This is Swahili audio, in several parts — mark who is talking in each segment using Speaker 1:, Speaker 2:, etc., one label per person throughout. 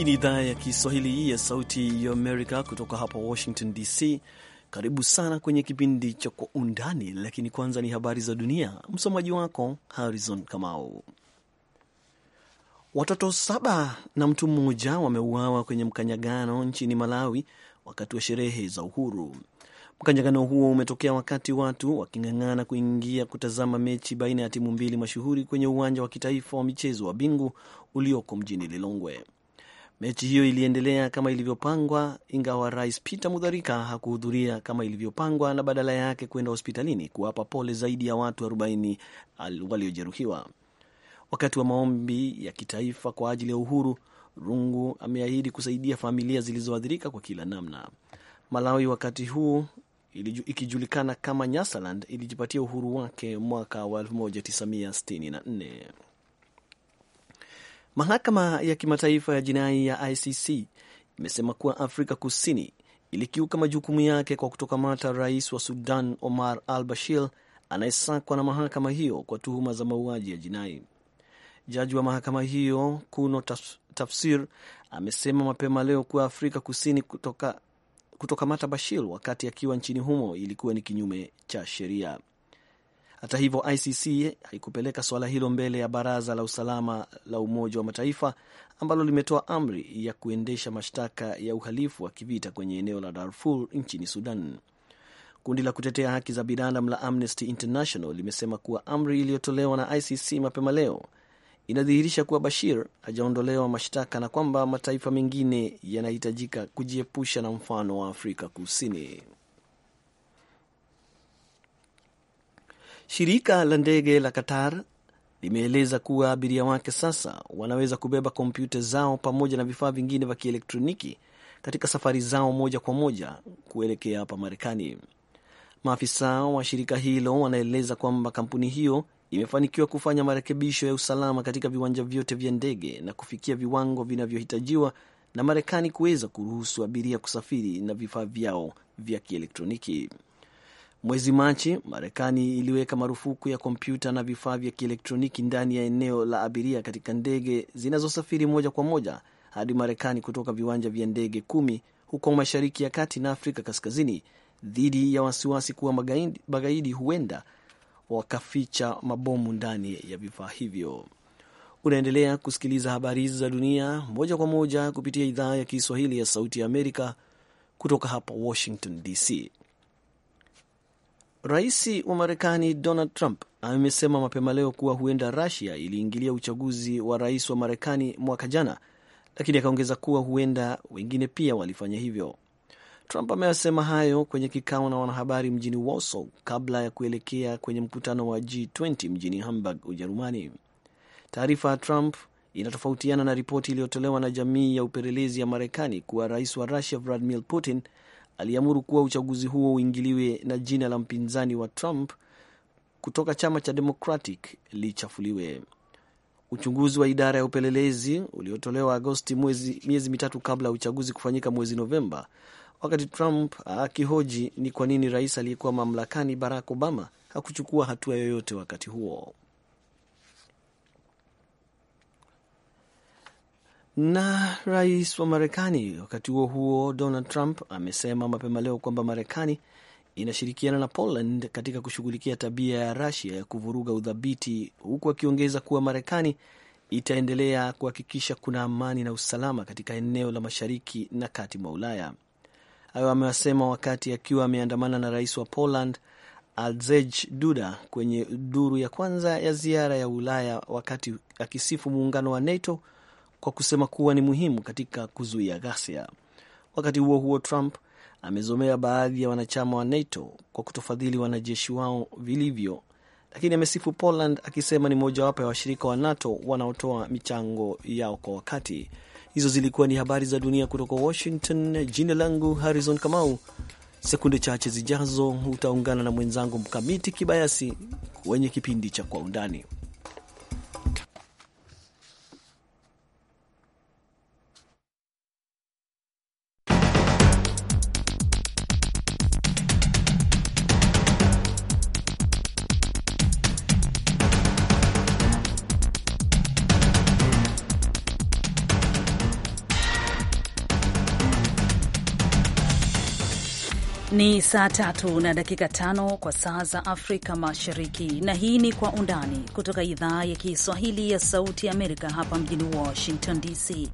Speaker 1: Hii ni idhaa ya Kiswahili ya Sauti ya Amerika kutoka hapa Washington DC. Karibu sana kwenye kipindi cha Kwa Undani, lakini kwanza ni habari za dunia. Msomaji wako Harrison Kamau. Watoto saba na mtu mmoja wameuawa kwenye mkanyagano nchini Malawi wakati wa sherehe za uhuru. Mkanyagano huo umetokea wakati watu waking'ang'ana kuingia kutazama mechi baina ya timu mbili mashuhuri kwenye uwanja wa kitaifa wa michezo wa Bingu ulioko mjini Lilongwe. Mechi hiyo iliendelea kama ilivyopangwa, ingawa Rais Peter Mutharika hakuhudhuria kama ilivyopangwa na badala yake kwenda hospitalini kuwapa pole zaidi ya watu 40 waliojeruhiwa. Wakati wa maombi ya kitaifa kwa ajili ya uhuru, Rungu ameahidi kusaidia familia zilizoathirika kwa kila namna. Malawi wakati huu ikijulikana kama Nyasaland ilijipatia uhuru wake mwaka wa 1964. Mahakama ya Kimataifa ya Jinai ya ICC imesema kuwa Afrika Kusini ilikiuka majukumu yake kwa kutokamata rais wa Sudan Omar al Bashir anayesakwa na mahakama hiyo kwa tuhuma za mauaji ya jinai. Jaji wa mahakama hiyo Kuno Tafsir amesema mapema leo kuwa Afrika Kusini kutoka kutokamata Bashir wakati akiwa nchini humo ilikuwa ni kinyume cha sheria. Hata hivyo, ICC haikupeleka suala hilo mbele ya Baraza la Usalama la Umoja wa Mataifa ambalo limetoa amri ya kuendesha mashtaka ya uhalifu wa kivita kwenye eneo la Darfur nchini Sudan. Kundi la kutetea haki za binadamu la Amnesty International limesema kuwa amri iliyotolewa na ICC mapema leo inadhihirisha kuwa Bashir hajaondolewa mashtaka na kwamba mataifa mengine yanahitajika kujiepusha na mfano wa Afrika Kusini. Shirika la ndege la Qatar limeeleza kuwa abiria wake sasa wanaweza kubeba kompyuta zao pamoja na vifaa vingine vya kielektroniki katika safari zao moja kwa moja kuelekea hapa Marekani. Maafisa wa shirika hilo wanaeleza kwamba kampuni hiyo imefanikiwa kufanya marekebisho ya usalama katika viwanja vyote vya ndege na kufikia viwango vinavyohitajiwa na Marekani kuweza kuruhusu abiria kusafiri na vifaa vyao vya kielektroniki. Mwezi Machi, Marekani iliweka marufuku ya kompyuta na vifaa vya kielektroniki ndani ya eneo la abiria katika ndege zinazosafiri moja kwa moja hadi Marekani kutoka viwanja vya ndege kumi huko Mashariki ya Kati na Afrika Kaskazini, dhidi ya wasiwasi kuwa magaidi, magaidi huenda wakaficha mabomu ndani ya vifaa hivyo. Unaendelea kusikiliza habari hizi za dunia moja kwa moja kupitia idhaa ya Kiswahili ya Sauti ya Amerika kutoka hapa Washington DC. Rais wa Marekani Donald Trump amesema mapema leo kuwa huenda rasia iliingilia uchaguzi wa rais wa Marekani mwaka jana, lakini akaongeza kuwa huenda wengine pia walifanya hivyo. Trump ameasema hayo kwenye kikao na wanahabari mjini Warsaw kabla ya kuelekea kwenye mkutano wa G20 mjini Hamburg, Ujerumani. Taarifa ya Trump inatofautiana na ripoti iliyotolewa na jamii ya upelelezi ya Marekani kuwa rais wa Rusia Vladimir Putin aliamuru kuwa uchaguzi huo uingiliwe na jina la mpinzani wa Trump kutoka chama cha Democratic lichafuliwe. Uchunguzi wa idara ya upelelezi uliotolewa Agosti, mwezi miezi mitatu kabla ya uchaguzi kufanyika mwezi Novemba, wakati Trump akihoji ni kwa nini rais aliyekuwa mamlakani Barack Obama hakuchukua hatua yoyote wakati huo. na rais wa Marekani. Wakati huo huo, Donald Trump amesema mapema leo kwamba Marekani inashirikiana na Poland katika kushughulikia tabia ya rasia ya kuvuruga udhabiti, huku akiongeza kuwa Marekani itaendelea kuhakikisha kuna amani na usalama katika eneo la mashariki na kati mwa Ulaya. Hayo amewasema wakati akiwa ameandamana na rais wa Poland Andrzej Duda kwenye duru ya kwanza ya ziara ya Ulaya, wakati akisifu muungano wa NATO kwa kusema kuwa ni muhimu katika kuzuia ghasia. Wakati huo huo, Trump amezomea baadhi ya wanachama wa NATO kwa kutofadhili wanajeshi wao vilivyo, lakini amesifu Poland akisema ni mojawapo ya washirika wa NATO wanaotoa michango yao kwa wakati. Hizo zilikuwa ni habari za dunia kutoka Washington. Jina langu Harrison Kamau. Sekunde chache zijazo utaungana na mwenzangu Mkamiti Kibayasi kwenye kipindi cha Kwa Undani.
Speaker 2: saa tatu na dakika tano kwa saa za Afrika Mashariki, na hii ni Kwa Undani kutoka idhaa ya Kiswahili ya Sauti ya Amerika hapa mjini Washington DC.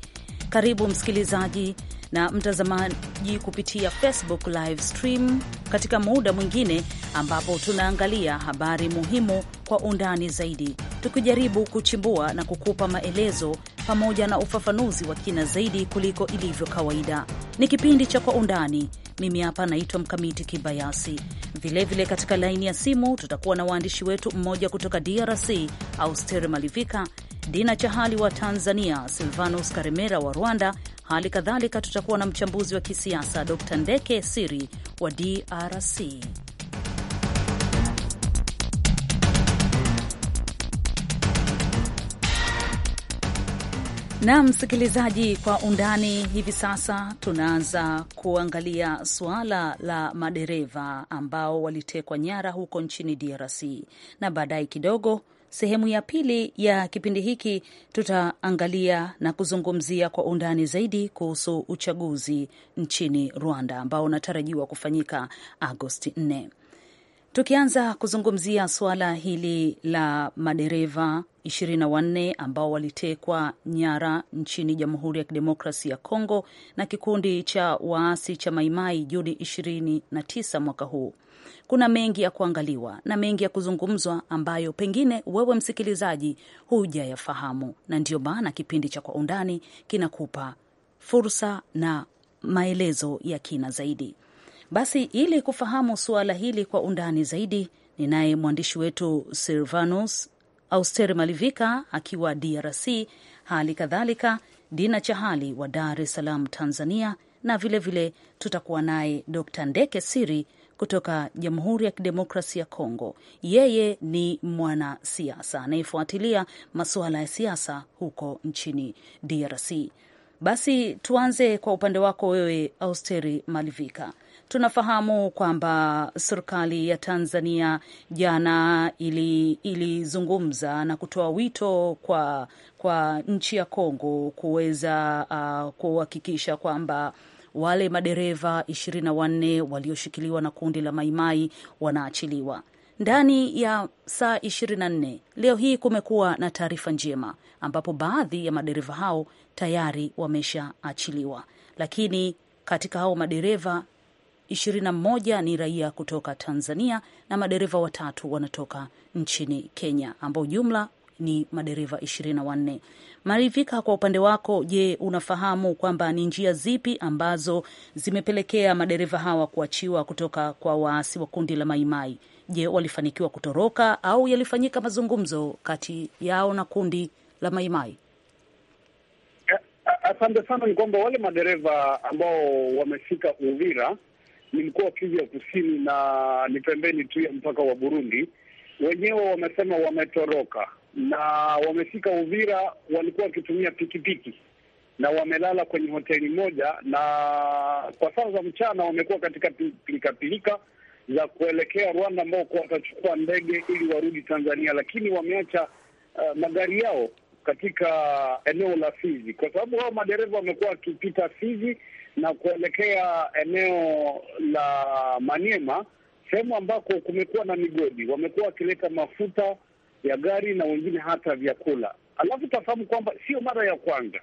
Speaker 2: Karibu msikilizaji na mtazamaji kupitia Facebook live stream katika muda mwingine ambapo tunaangalia habari muhimu kwa undani zaidi, tukijaribu kuchimbua na kukupa maelezo pamoja na ufafanuzi wa kina zaidi kuliko ilivyo kawaida. Ni kipindi cha Kwa Undani. Mimi hapa naitwa Mkamiti Kibayasi. Vilevile vile katika laini ya simu tutakuwa na waandishi wetu, mmoja kutoka DRC Austere Malivika, Dina Chahali wa Tanzania, Silvanus Karemera wa Rwanda Hali kadhalika tutakuwa na mchambuzi wa kisiasa Dr. Ndeke Siri wa DRC. Na msikilizaji, kwa undani hivi sasa tunaanza kuangalia suala la madereva ambao walitekwa nyara huko nchini DRC na baadaye kidogo Sehemu ya pili ya kipindi hiki tutaangalia na kuzungumzia kwa undani zaidi kuhusu uchaguzi nchini Rwanda ambao unatarajiwa kufanyika Agosti 4. Tukianza kuzungumzia suala hili la madereva 24 ambao walitekwa nyara nchini Jamhuri ya Kidemokrasi ya Kongo na kikundi cha waasi cha Maimai Juni 29 mwaka huu. Kuna mengi ya kuangaliwa na mengi ya kuzungumzwa ambayo pengine wewe msikilizaji hujayafahamu, na ndiyo maana kipindi cha Kwa Undani kinakupa fursa na maelezo ya kina zaidi. Basi ili kufahamu suala hili kwa undani zaidi, ninaye mwandishi wetu Silvanus Austeri Malivika akiwa DRC, hali kadhalika Dina Chahali wa Dar es Salaam, Tanzania, na vilevile vile tutakuwa naye Dr Ndeke Siri kutoka Jamhuri ya Kidemokrasi ya Kongo. Yeye ni mwanasiasa anayefuatilia masuala ya siasa huko nchini DRC. Basi tuanze kwa upande wako wewe, Austeri Malivika. Tunafahamu kwamba serikali ya Tanzania jana ilizungumza ili na kutoa wito kwa, kwa nchi ya Kongo kuweza uh, kuhakikisha kwamba wale madereva ishirini na wanne walioshikiliwa na kundi la Maimai wanaachiliwa ndani ya saa nne. Leo hii kumekuwa na taarifa njema ambapo baadhi ya madereva hao tayari wameshaachiliwa, lakini katika hao madereva 21 ni raia kutoka Tanzania na madereva watatu wanatoka nchini Kenya, ambao jumla ni madereva 24. Marivika, kwa upande wako, je, unafahamu kwamba ni njia zipi ambazo zimepelekea madereva hawa kuachiwa kutoka kwa waasi wa kundi la Maimai? Je, walifanikiwa kutoroka au yalifanyika mazungumzo kati yao na kundi la Maimai?
Speaker 3: Asante sana. Ni kwamba wale madereva ambao wamefika Uvira wa Kivu ya Kusini na ni pembeni tu ya mpaka wa Burundi. Wenyewe wamesema wametoroka na wamefika Uvira, walikuwa wakitumia pikipiki na wamelala kwenye hoteli moja, na kwa sasa mchana wamekuwa katika pilikapilika za kuelekea Rwanda, ambao watachukua ndege ili warudi Tanzania, lakini wameacha uh, magari yao katika eneo la Fizi kwa sababu hao madereva wamekuwa wakipita Fizi na kuelekea eneo la Maniema, sehemu ambako kumekuwa na migodi, wamekuwa wakileta mafuta ya gari na wengine hata vyakula. Alafu tafahamu kwamba sio mara ya kwanza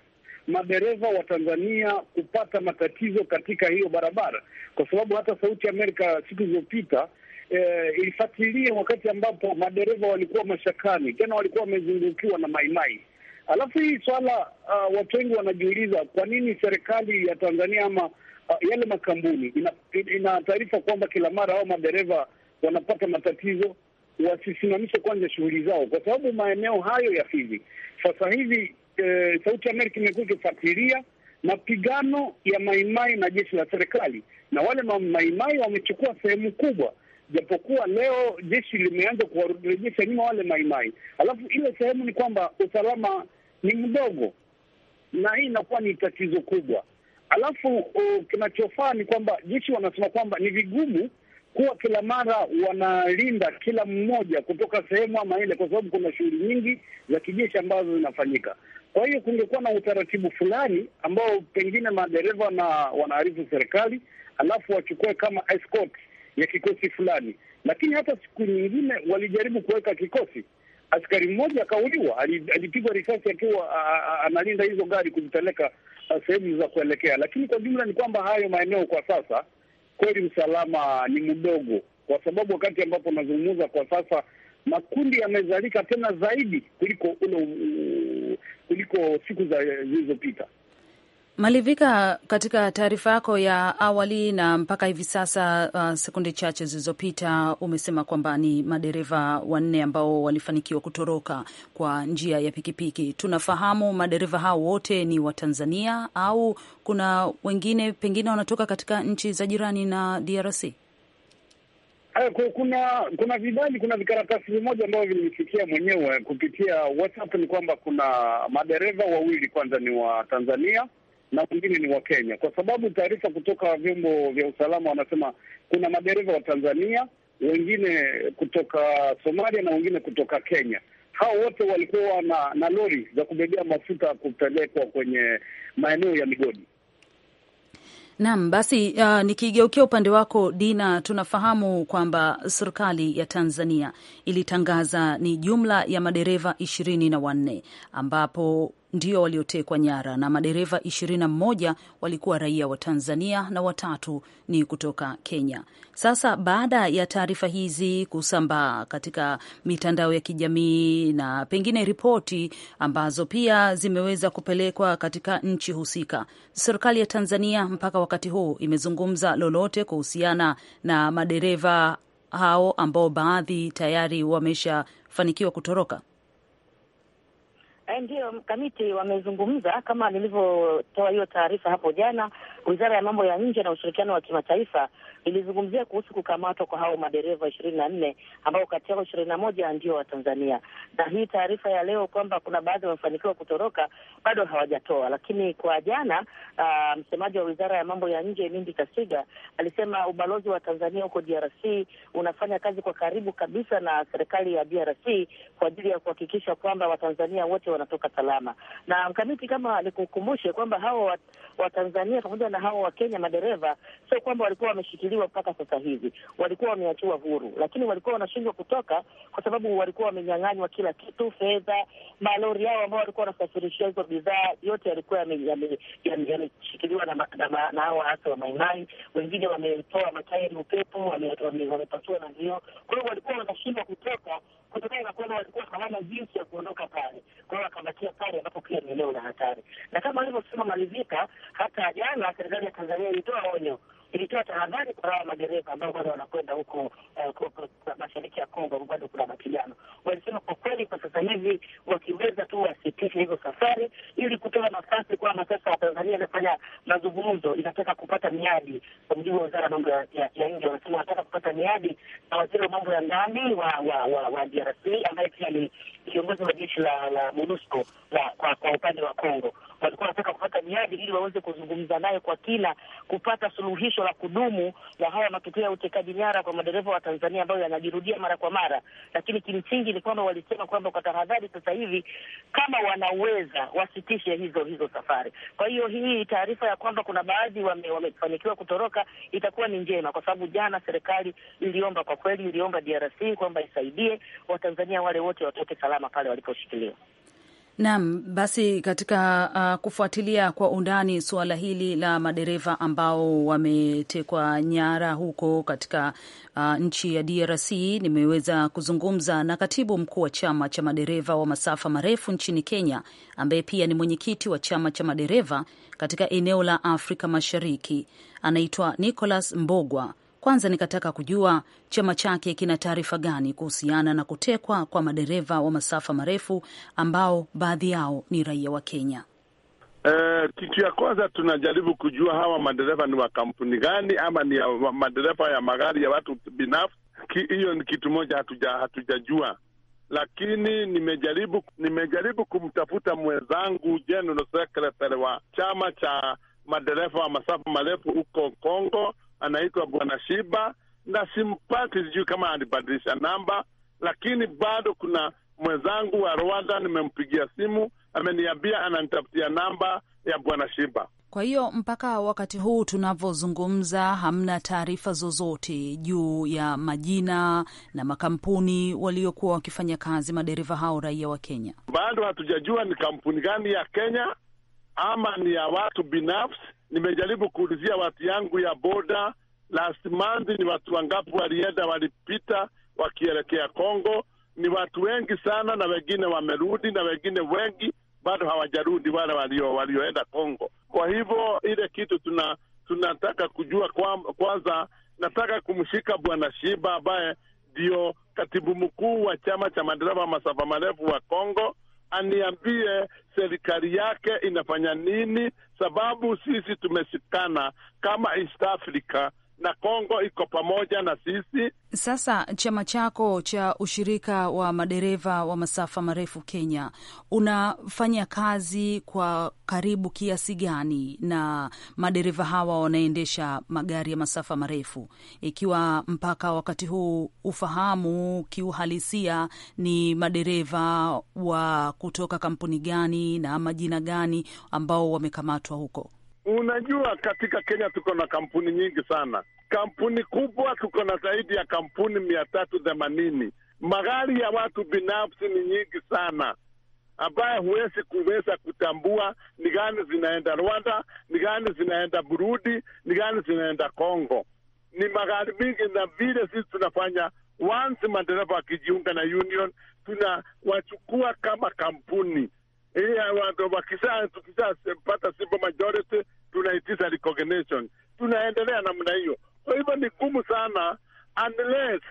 Speaker 3: madereva wa Tanzania kupata matatizo katika hiyo barabara, kwa sababu hata Sauti ya Amerika siku zilizopita eh, ilifuatilia wakati ambapo madereva walikuwa mashakani, tena walikuwa wamezungukiwa na maimai Alafu hii swala uh, watu wengi wanajiuliza kwa nini serikali ya Tanzania ama uh, yale makampuni ina, ina taarifa kwamba kila mara au madereva wanapata matatizo, wasisimamishe kwanza shughuli zao, kwa sababu maeneo hayo ya Fizi sasa hivi e, Sauti ya Amerika imekuwa ikifuatilia mapigano ya maimai na jeshi la serikali, na wale maimai wamechukua sehemu kubwa japokuwa leo jeshi limeanza kuwarejesha nyuma wale maimai. Alafu ile sehemu ni kwamba usalama ni mdogo, na hii inakuwa ni tatizo kubwa. Alafu kinachofaa ni kwamba jeshi wanasema kwamba ni vigumu kuwa kila mara wanalinda kila mmoja kutoka sehemu ama ile, kwa sababu kuna shughuli nyingi za kijeshi ambazo zinafanyika. Kwa hiyo kungekuwa na utaratibu fulani ambao pengine madereva na wanaarifu serikali, alafu wachukue kama escort ya kikosi fulani, lakini hata siku nyingine walijaribu kuweka kikosi. Askari mmoja akauliwa, alipigwa risasi akiwa analinda hizo gari kuzipeleka sehemu za kuelekea. Lakini kwa jumla ni kwamba hayo maeneo kwa sasa kweli usalama ni mdogo, kwa sababu wakati ambapo nazungumza kwa sasa makundi yamezalika tena zaidi kuliko ule kuliko siku zilizopita.
Speaker 2: Malivika, katika taarifa yako ya awali na mpaka hivi sasa uh, sekunde chache zilizopita umesema kwamba ni madereva wanne ambao walifanikiwa kutoroka kwa njia ya pikipiki. Tunafahamu madereva hao wote ni Watanzania au kuna wengine pengine wanatoka katika nchi za jirani na DRC?
Speaker 3: Eh, kuna kuna vibali, kuna vikaratasi vimoja ambavyo vilinifikia mwenyewe kupitia WhatsApp ni kwamba kuna madereva wawili kwanza ni wa Tanzania na wengine ni Wakenya, kwa sababu taarifa kutoka vyombo vya usalama wanasema kuna madereva wa Tanzania, wengine kutoka Somalia na wengine kutoka Kenya. Hao wote walikuwa na, na lori za kubebea mafuta kupelekwa kwenye maeneo ya migodi.
Speaker 2: Naam, basi uh, nikigeukia upande wako Dina, tunafahamu kwamba serikali ya Tanzania ilitangaza ni jumla ya madereva ishirini na wanne ambapo ndio waliotekwa nyara na madereva 21 walikuwa raia wa Tanzania na watatu ni kutoka Kenya. Sasa baada ya taarifa hizi kusambaa katika mitandao ya kijamii na pengine ripoti ambazo pia zimeweza kupelekwa katika nchi husika, serikali ya Tanzania mpaka wakati huu imezungumza lolote kuhusiana na madereva hao ambao baadhi tayari wameshafanikiwa kutoroka?
Speaker 4: Eh, Ndiyo, kamiti wamezungumza kama nilivyotoa hiyo taarifa hapo jana Wizara ya mambo ya nje na ushirikiano wa kimataifa ilizungumzia kuhusu kukamatwa kwa hao madereva ishirini na nne ambao kati yao ishirini na moja ndio Watanzania, na hii taarifa ya leo kwamba kuna baadhi wamefanikiwa kutoroka bado hawajatoa. Lakini kwa jana, ah, msemaji wa wizara ya mambo ya nje Mindi Kasiga alisema ubalozi wa Tanzania huko DRC unafanya kazi kwa karibu kabisa na serikali ya DRC kwa ajili ya kuhakikisha kwamba Watanzania wote wanatoka salama. Na mkamiti, kama nikukumbushe kwamba hao Watanzania pamoja sana hawa Wakenya madereva, sio kwamba walikuwa wameshikiliwa mpaka sasa hivi, walikuwa wameachiwa huru, lakini walikuwa wanashindwa kutoka kwa sababu walikuwa wamenyang'anywa kila kitu, fedha, malori yao ambao walikuwa wanasafirishia hizo bidhaa, yote yalikuwa yameshikiliwa na na, na, na hao waasi wa Maimai. Wengine wametoa matairi upepo, wamepatiwa na ndio, Kwa hiyo walikuwa wanashindwa kutoka kutokana na kwamba walikuwa hawana jinsi ya kuondoka pale. Kwa hiyo wakabakia pale ambapo pia ni eneo la hatari, na kama alivyosema Malizika hata jana serikali ya Tanzania ilitoa onyo, ilitoa tahadhari kwa hawa madereva ambao bado wanakwenda huko eh, mashariki ya Kongo, bado kuna mapigano. Walisema kwa kweli, kwa sasa hivi wakiweza tu wasitishe hizo safari, ili kutoa nafasi kwamba sasa Watanzania inafanya mazungumzo, inataka kupata miadi. Kwa mujibu wa wizara ya mambo ya nje, wanasema wanataka kupata miadi na waziri wa mambo ya ndani wa DRC ambaye pia ni kiongozi wa jeshi la MONUSCO kwa upande wa Kongo walikuwa wanataka kupata miadi ili waweze kuzungumza naye kwa kina kupata suluhisho la kudumu la haya matukio ya utekaji nyara kwa madereva wa Tanzania ambayo yanajirudia mara kwa mara. Lakini kimsingi ni kwamba walisema kwamba kwa tahadhari, sasa hivi kama wanaweza wasitishe hizo hizo safari. Kwa hiyo hii taarifa ya kwamba kuna baadhi wamefanikiwa wame kutoroka itakuwa ni njema, kwa sababu jana serikali iliomba, kwa kweli iliomba DRC kwamba isaidie Watanzania wale wote watoke salama pale waliposhikiliwa.
Speaker 2: Naam, basi katika uh, kufuatilia kwa undani suala hili la madereva ambao wametekwa nyara huko katika uh, nchi ya DRC, nimeweza kuzungumza na katibu mkuu wa chama cha madereva wa masafa marefu nchini Kenya, ambaye pia ni mwenyekiti wa chama cha madereva katika eneo la Afrika Mashariki. Anaitwa Nicholas Mbogwa. Kwanza nikataka kujua chama chake kina taarifa gani kuhusiana na kutekwa kwa madereva wa masafa marefu ambao baadhi yao ni raia wa Kenya.
Speaker 5: Uh, kitu ya kwanza tunajaribu kujua hawa madereva ni wa kampuni gani, ama ni madereva ya magari ya watu binafsi. Hiyo ni kitu moja hatuja, hatujajua, lakini nimejaribu nimejaribu kumtafuta mwenzangu general secretary wa chama cha madereva wa masafa marefu huko Kongo, anaitwa Bwana Shiba na simpati, sijui kama alibadilisha namba, lakini bado kuna mwenzangu wa Rwanda nimempigia simu, ameniambia ananitafutia namba ya Bwana Shiba.
Speaker 2: Kwa hiyo mpaka wakati huu tunavyozungumza, hamna taarifa zozote juu ya majina na makampuni waliokuwa wakifanya kazi madereva hao, raia wa Kenya.
Speaker 5: Bado hatujajua ni kampuni gani ya Kenya ama ni ya watu binafsi nimejaribu kuulizia watu yangu ya boda last month, ni watu wangapi walienda walipita wakielekea Kongo. Ni watu wengi sana, na wengine wamerudi na wengine wengi bado hawajarudi, wale walio walioenda Kongo. Kwa hivyo ile kitu tuna tunataka kujua kwa, kwanza nataka kumshika Bwana Shiba ambaye ndio katibu mkuu wa chama cha madereva masafa marefu wa Kongo aniambie serikali yake inafanya nini, sababu sisi tumeshikana kama East Africa na Kongo iko pamoja na sisi.
Speaker 2: Sasa chama chako cha ushirika wa madereva wa masafa marefu Kenya unafanya kazi kwa karibu kiasi gani na madereva hawa wanaendesha magari ya masafa marefu, ikiwa mpaka wakati huu ufahamu kiuhalisia ni madereva wa kutoka kampuni gani na majina gani ambao wamekamatwa huko?
Speaker 5: Unajua, katika Kenya tuko na kampuni nyingi sana. Kampuni kubwa tuko na zaidi ya kampuni mia tatu themanini. Magari ya watu binafsi ni nyingi sana, ambaye huwezi kuweza kutambua ni gani zinaenda Rwanda, ni gani zinaenda Burundi, ni gani zinaenda Congo. Ni magari mingi, na vile sisi tunafanya once madereva wakijiunga na union, tunawachukua kama kampuni. Eh, tukishapata simple majority digital recognition. Tunaendelea namna hiyo, kwa hivyo ni ngumu sana unless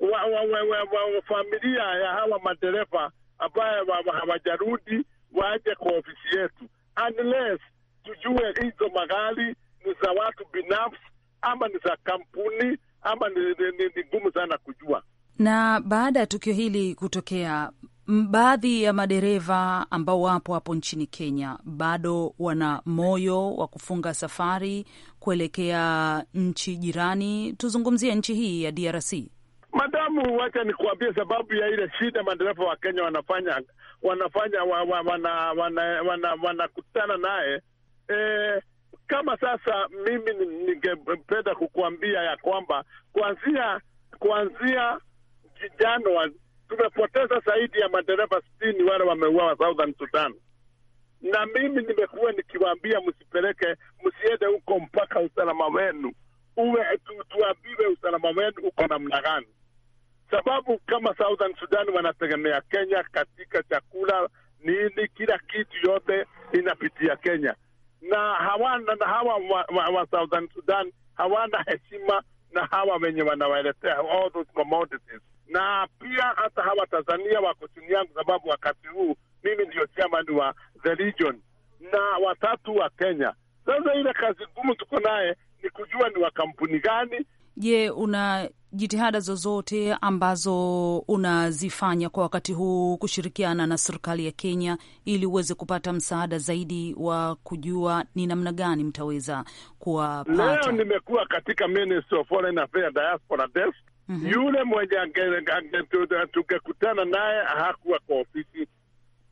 Speaker 5: wa, wa, wa, wa, wa, wa familia ya hawa madereva ambaye hawajarudi waje kwa ofisi yetu, unless tujue hizo magari ni za watu binafsi ama ni za kampuni ama ni ngumu sana kujua.
Speaker 2: Na baada ya tukio hili kutokea, baadhi ya madereva ambao wapo hapo nchini Kenya bado wana moyo wa kufunga safari kuelekea nchi jirani. Tuzungumzie nchi hii ya DRC.
Speaker 5: Madamu, wacha nikuambie sababu ya ile shida madereva wa Kenya wanafanya wanafanya wanakutana wana, wana, wana naye e, kama sasa mimi ningependa kukuambia ya kwamba kuanzia kuanzia Januari tumepoteza zaidi ya madereva sitini wale wameuawa Southern Sudan, na mimi nimekuwa nikiwaambia msipeleke, msiende huko mpaka usalama wenu uwe tu, tuambiwe usalama wenu uko namna gani, sababu kama Southern Sudan wanategemea Kenya katika chakula nini, kila kitu yote inapitia Kenya na hawana na hawa wa, wa, wa Southern Sudan hawana heshima na hawa wenye wanawaeletea all those commodities na pia hata hawa Tanzania wako chini yangu, sababu wakati huu mimi ndio chairman wa the region na watatu wa Kenya. Sasa ile kazi ngumu tuko naye ni kujua ni wa kampuni gani.
Speaker 2: Je, una jitihada zozote ambazo unazifanya kwa wakati huu kushirikiana na serikali ya Kenya ili uweze kupata msaada zaidi wa kujua ni namna gani mtaweza kuwapata? Leo
Speaker 5: nimekuwa katika Ministry of Foreign Affairs Diaspora Desk mm -hmm. Yule mwenye tungekutana naye hakuwa kwa ofisi,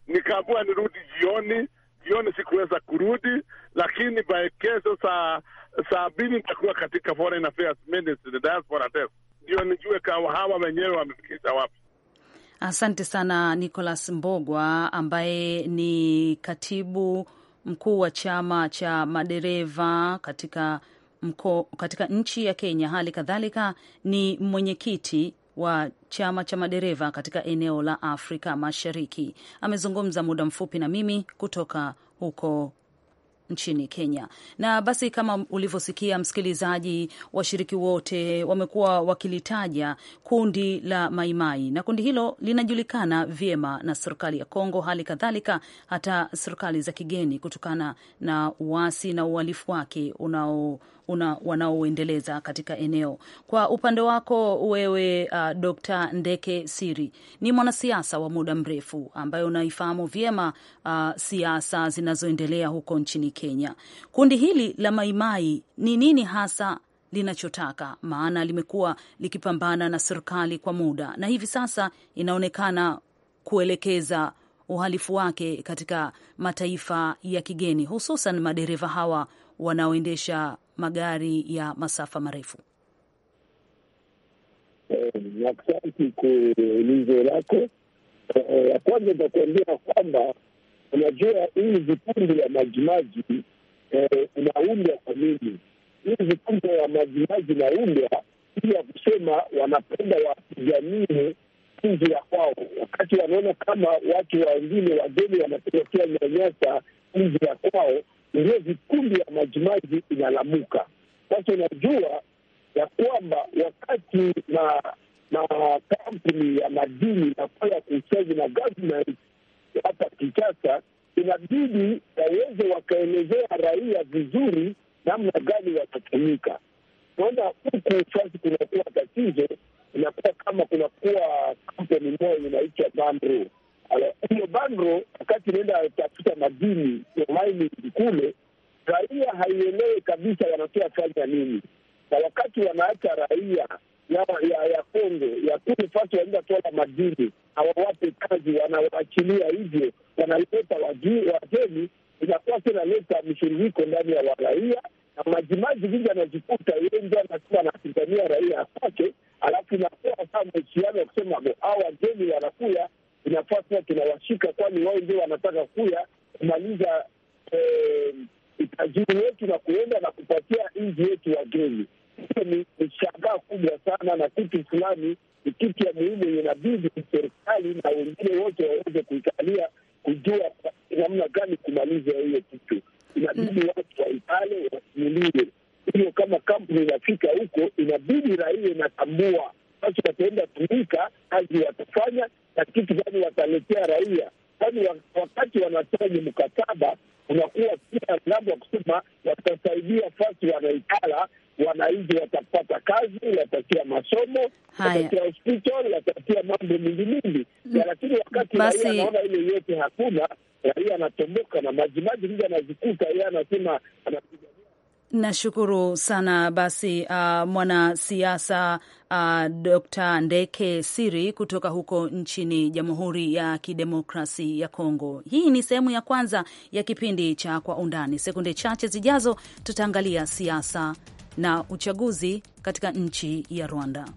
Speaker 5: nikaamua nirudi jioni. Jioni sikuweza kurudi, lakini by kesho saa saa mbili nitakuwa katika Foreign Affairs Ministry diaspora test, ndio nijue kawa hawa wenyewe wamefikisha wapi.
Speaker 2: Asante sana Nicholas Mbogwa ambaye ni katibu mkuu wa chama cha madereva katika mko, katika nchi ya Kenya. Hali kadhalika ni mwenyekiti wa chama cha madereva katika eneo la Afrika Mashariki. Amezungumza muda mfupi na mimi kutoka huko nchini Kenya. Na basi, kama ulivyosikia msikilizaji, washiriki wote wamekuwa wakilitaja kundi la Maimai, na kundi hilo linajulikana vyema na serikali ya Kongo, hali kadhalika hata serikali za kigeni, kutokana na uasi na uhalifu wake unao wanaoendeleza katika eneo. Kwa upande wako wewe, uh, Dr. Ndeke Siri ni mwanasiasa wa muda mrefu ambaye unaifahamu vyema uh, siasa zinazoendelea huko nchini Kenya. Kundi hili la Maimai ni nini hasa linachotaka maana limekuwa likipambana na serikali kwa muda na hivi sasa inaonekana kuelekeza uhalifu wake katika mataifa ya kigeni, hususan madereva hawa wanaoendesha magari ya masafa marefu?
Speaker 6: Eh, asante kuulizo lako. Eh, ya kwanza itakuambia kwamba unajua hii vikundi ya majimaji eh, inaundwa kwa nini? Hii vikundi ya majimaji inaundwa ili ya kusema wanapenda wapiganie nji ya kwao, wakati wanaona kama watu wengine wageni wanapelekea nyanyasa nji ya kwao ndio vikundi ya Majimaji inalamuka sasa. Unajua ya kwamba wakati na na kampuni ya madini inafanya kuseji na government hapa Kinshasa, inabidi waweze wakaelezea raia vizuri namna gani watatumika. Naona huku fasi kunakuwa tatizo, inakuwa kama kunakuwa kampuni moja inaitwa Mamro hiyo bandro wakati inaenda tafuta madini maini kule, raia haielewi kabisa wanatoa ya nini, na wakati wanaacha raia ya ya Kongo ya kunifasi waenda tola madini hawawape kazi, wanawaachilia hivyo, wanaleta wageni, inakuwa sinaleta mshururiko ndani ya waraia na majimaji vingi anajikuta yeye ndio anasema anapigania raia kwake, alafu inakuwa saa mahusiano ya kusema hao wageni wanakuya kinafaa kuwa kinawashika, kwani wao ndio wanataka kuya kumaliza eh, utajiri wetu na kuenda na kupatia nji yetu wageni. Hiyo ni shangaa kubwa sana, na kitu fulani ni kitu ya muhimu, inabidi serikali na wengine wote waweze kuikalia kujua namna gani kumaliza hiyo kitu. Inabidi mm. watu waikale, wasumuliwe hiyo. Kama kampuni inafika huko, inabidi raia inatambua ambacho wataenda tumika, kazi watafanya na kitu gani wataletea raia, kwani wakati wanasaini mkataba unakuwa pia ngambo wa kusema watasaidia fasi wanaikala wananchi watapata kazi, watatia masomo, watatia hospitali, watatia mambo mingi mingi, mm. lakini wakati Basi... raia anaona ile yote hakuna, raia anatomboka na majimaji, mtu anazikuta yeye anasema
Speaker 2: Nashukuru sana basi, uh, mwanasiasa uh, Dr. Ndeke Siri kutoka huko nchini Jamhuri ya Kidemokrasi ya Kongo. Hii ni sehemu ya kwanza ya kipindi cha Kwa Undani. Sekunde chache zijazo, tutaangalia siasa na uchaguzi katika nchi ya Rwanda.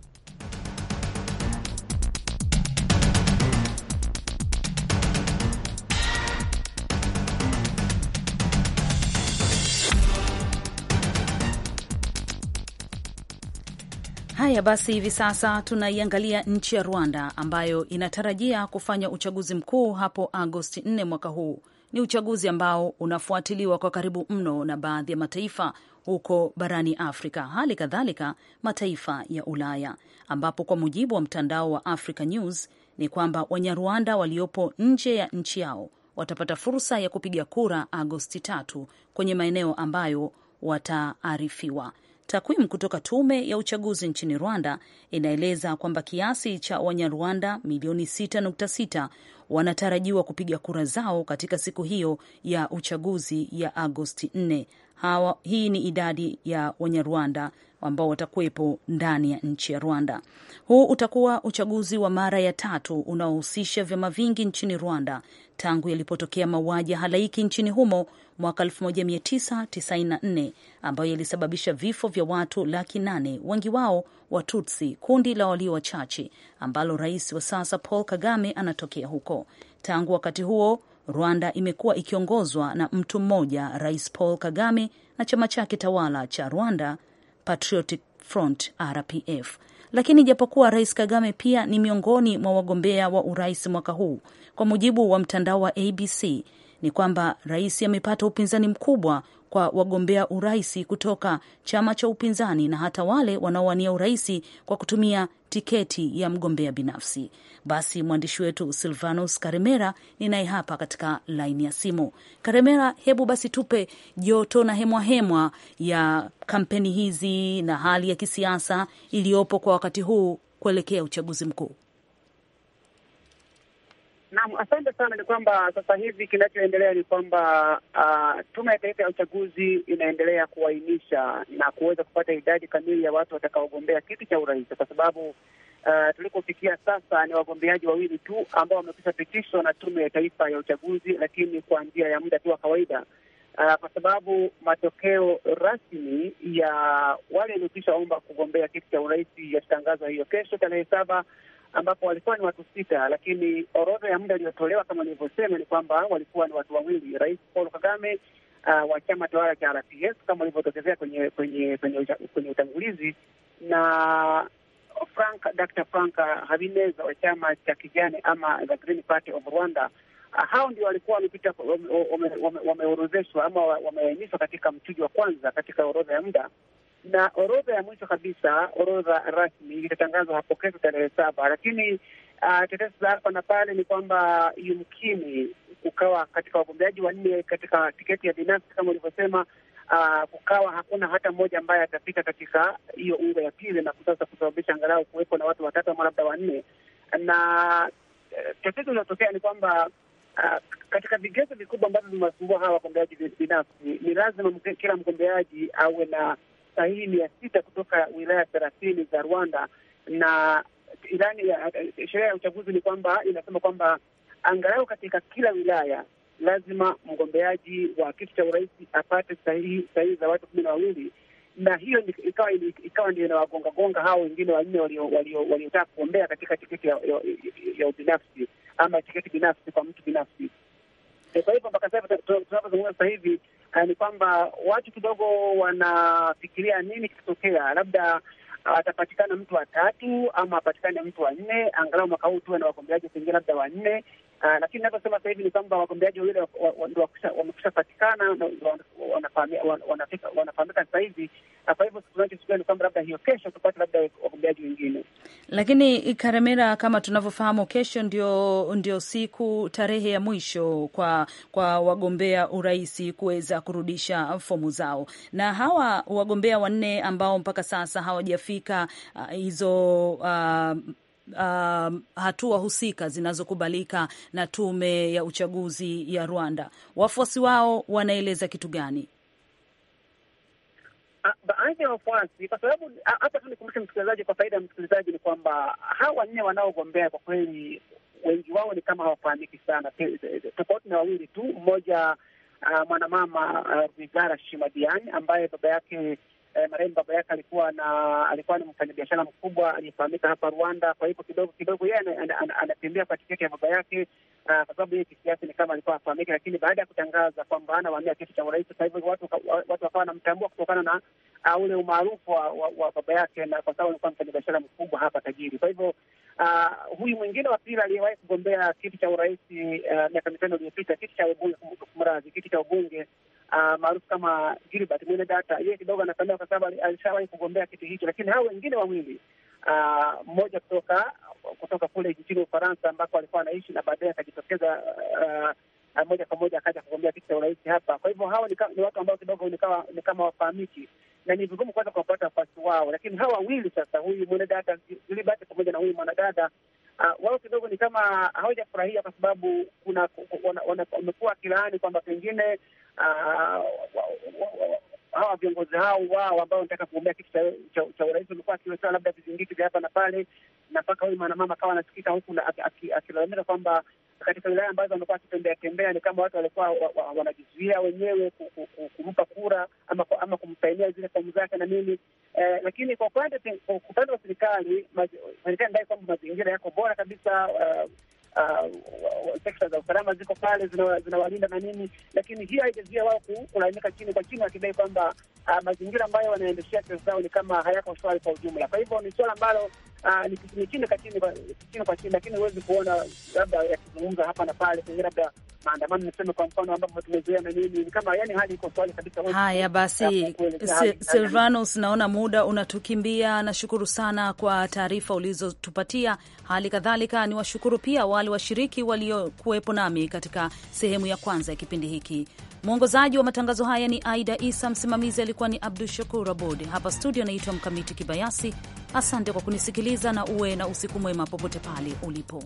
Speaker 2: Haya basi, hivi sasa tunaiangalia nchi ya Rwanda ambayo inatarajia kufanya uchaguzi mkuu hapo Agosti 4 mwaka huu. Ni uchaguzi ambao unafuatiliwa kwa karibu mno na baadhi ya mataifa huko barani Afrika, hali kadhalika mataifa ya Ulaya, ambapo kwa mujibu wa mtandao wa Africa News ni kwamba Wanyarwanda waliopo nje ya nchi yao watapata fursa ya kupiga kura Agosti tatu kwenye maeneo ambayo wataarifiwa. Takwimu kutoka tume ya uchaguzi nchini Rwanda inaeleza kwamba kiasi cha Wanyarwanda milioni 6.6 wanatarajiwa kupiga kura zao katika siku hiyo ya uchaguzi ya Agosti 4. Hawa, hii ni idadi ya Wanyarwanda ambao watakuwepo ndani ya nchi ya Rwanda. Huu utakuwa uchaguzi wa mara ya tatu unaohusisha vyama vingi nchini Rwanda tangu yalipotokea mauaji ya halaiki nchini humo mwaka 1994 ambayo yalisababisha vifo vya watu laki nane, wengi wao Watutsi, kundi la walio wachache ambalo rais wa sasa Paul Kagame anatokea huko. Tangu wakati huo Rwanda imekuwa ikiongozwa na mtu mmoja, Rais Paul Kagame na chama chake tawala cha Rwanda Patriotic Front RPF lakini japokuwa Rais Kagame pia ni miongoni mwa wagombea wa urais mwaka huu, kwa mujibu wa mtandao wa ABC ni kwamba rais amepata upinzani mkubwa kwa wagombea uraisi kutoka chama cha upinzani na hata wale wanaowania uraisi kwa kutumia tiketi ya mgombea binafsi. Basi mwandishi wetu Silvanus Karemera ninaye hapa katika laini ya simu. Karemera, hebu basi tupe joto na hemwa hemwa ya kampeni hizi na hali ya kisiasa iliyopo kwa wakati huu kuelekea uchaguzi mkuu.
Speaker 7: Naam, asante sana. Ni kwamba sasa hivi kinachoendelea ni kwamba uh, Tume ya Taifa ya Uchaguzi inaendelea kuainisha na kuweza kupata idadi kamili ya watu watakaogombea kiti cha urais, kwa sababu uh, tulikofikia sasa ni wagombeaji wawili tu ambao wamekwisha pitishwa na Tume ya Taifa ya Uchaguzi, lakini kwa njia ya muda tu wa kawaida uh, kwa sababu matokeo rasmi ya wale waliokwisha omba kugombea kiti cha urais yatatangazwa hiyo kesho tarehe saba ambapo walikuwa ni watu sita, lakini orodha ya muda iliyotolewa kama nilivyosema ni kwamba walikuwa ni watu wawili, Rais Paul Kagame uh, wa chama tawala cha RPF kama ulivyotokezea kwenye kwenye kwenye, kwenye utangulizi na Frank Dr. Frank Habineza wa chama cha kijani ama the Green Party of Rwanda Ah, hao ndio walikuwa wamepita wameorodheshwa ama wameainishwa katika mchuji wa kwanza katika orodha ya muda, na orodha ya mwisho kabisa, orodha rasmi itatangazwa hapo kesho tarehe saba. Lakini uh, tetesi za hapa na pale ni kwamba yumkini kukawa katika wagombeaji wanne katika tiketi ya binafsi kama ulivyosema, uh, kukawa hakuna hata mmoja ambaye atapita katika hiyo ungo ya pili, na sasa kusababisha angalau kuwepo na watu watatu ama labda wanne, na eh, tatizo linalotokea ni kwamba Ah, katika vigezo vikubwa ambavyo vimewasumbua hawa wagombeaji binafsi ni lazima kila mgombeaji awe na sahihi mia sita kutoka wilaya thelathini za Rwanda, na ilani ya sheria ya uchaguzi ni kwamba inasema kwamba angalau katika kila wilaya lazima mgombeaji wa kiti cha urais apate sahihi sahihi za watu kumi na wawili, na hiyo ikawa ikawa ndio inawagongagonga hao wengine wanne waliotaka kugombea katika tiketi ya, ya, ya ubinafsi ama tiketi binafsi kwa mtu binafsi. Eh, kwa hivyo mpaka sasa tunavyozungumza sasa hivi eh, ni kwamba watu kidogo wanafikiria nini kitatokea, labda ah, atapatikana mtu wa tatu ama apatikane mtu wa nne, angalau mwaka huu tuwe na wagombeaji pengine labda wanne Ah, lakini navyosema sasa hivi ni kwamba wagombeaji wawili wamekusha patikana, wanafahamika sasa hivi, na kwa hivyo tunachosubiri ni kwamba labda hiyo kesho tupate labda wagombeaji
Speaker 2: wengine. Lakini Karemera, kama tunavyofahamu, kesho ndio ndio siku tarehe ya mwisho kwa kwa wagombea urais kuweza kurudisha fomu zao, na hawa wagombea wanne ambao mpaka sasa hawajafika ah, hizo uh, uh, hatua husika zinazokubalika na tume ya uchaguzi ya Rwanda, wafuasi wao wanaeleza kitu gani?
Speaker 7: Ah, baadhi ya wafuasi, kwa sababu ah, hata tu nikumbushe msikilizaji, kwa faida ya msikilizaji, ni kwamba hawa wanne wanaogombea kwa kweli wengi wao ni kama hawafahamiki sana, tofauti na wawili tu, mmoja ah, mwanamama Rwigara Shimadiani ambaye baba yake eh, marehemu baba yake alikuwa na alikuwa ni mfanyabiashara mkubwa aliyefahamika hapa Rwanda. Kwa hivyo kidogo kidogo yeye anatembea kwa tiketi ya baba yake, kwa sababu yeye kisiasa ni kama alikuwa afahamike, lakini baada ya kutangaza kwamba anawania kiti cha urais, kwa hivyo watu watu wakawa wanamtambua kutokana na ah, ule umaarufu wa, wa, wa baba yake, na kwa sababu alikuwa mfanyabiashara mkubwa hapa, tajiri. Kwa hivyo uh, huyu mwingine wa pili aliyewahi kugombea kiti cha urais eh, miaka uh, mitano iliyopita, kiti cha ubunge, kumradhi, kiti cha ubunge uh, maarufu kama Gilbert data, yeye kidogo anatambea kwa sababu alishawahi kugombea kiti hicho, lakini hao wengine wawili ah, mmoja uh, kutoka kutoka kule nchini Ufaransa ambako alikuwa anaishi na baadaye akajitokeza uh, Ah, moja kwa moja akaja kugombea kiti cha urais hapa. Kwa hivyo hawa ni watu ambao kidogo ni kama wafahamiki na ni vigumu kuweza kuwapata wafuasi wao, lakini hawa wawili sasa, huyu mwanadada Gilbert pamoja na huyu mwanadada uh, wao kidogo ni kama hawajafurahia kwa sababu kuna wamekuwa wakilaani kwamba pengine ah, hawa viongozi hao wao ambao wanataka kugombea kiti cha urais wamekuwa akiwekewa labda vizingiti vya hapa na pale, na mpaka huyu mwanamama akawa anasikika huku akilalamika kwamba katika wilaya ambazo amekuwa akitembea tembea, ni kama watu walikuwa wanajizuia wenyewe kumpa kura ama ama kumpainia zile fomu zake na nini. Eh, lakini kwa upande wa serikali, serikali ndai kwamba mazingira yako bora kabisa, eh, eh, sekta za usalama ziko pale zinawalinda na nini, lakini hiyo haijazuia wao kulalamika chini kwa chini, wakidai kwamba ah, mazingira ambayo wanaendeshea kesi zao ni kama hayako shwari kwa ujumla. Kwa hivyo ni suala ambalo Ah, ni chini kwa chini, lakini huwezi kuona labda yakizungumza hapa na pale, pengine labda maandamano niseme kwa mfano ambapo tumezoea na nini, ni kama yani hali iko swali kabisa. Haya basi, Silvanus,
Speaker 2: naona muda unatukimbia. Nashukuru sana kwa taarifa ulizotupatia. Hali kadhalika ni washukuru pia wale washiriki waliokuwepo nami katika sehemu ya kwanza ya kipindi hiki. Mwongozaji wa matangazo haya ni Aida Isa, msimamizi alikuwa ni Abdu Shakur Abod. Hapa studio anaitwa Mkamiti Kibayasi. Asante kwa kunisikiliza na uwe na usiku mwema popote pale ulipo.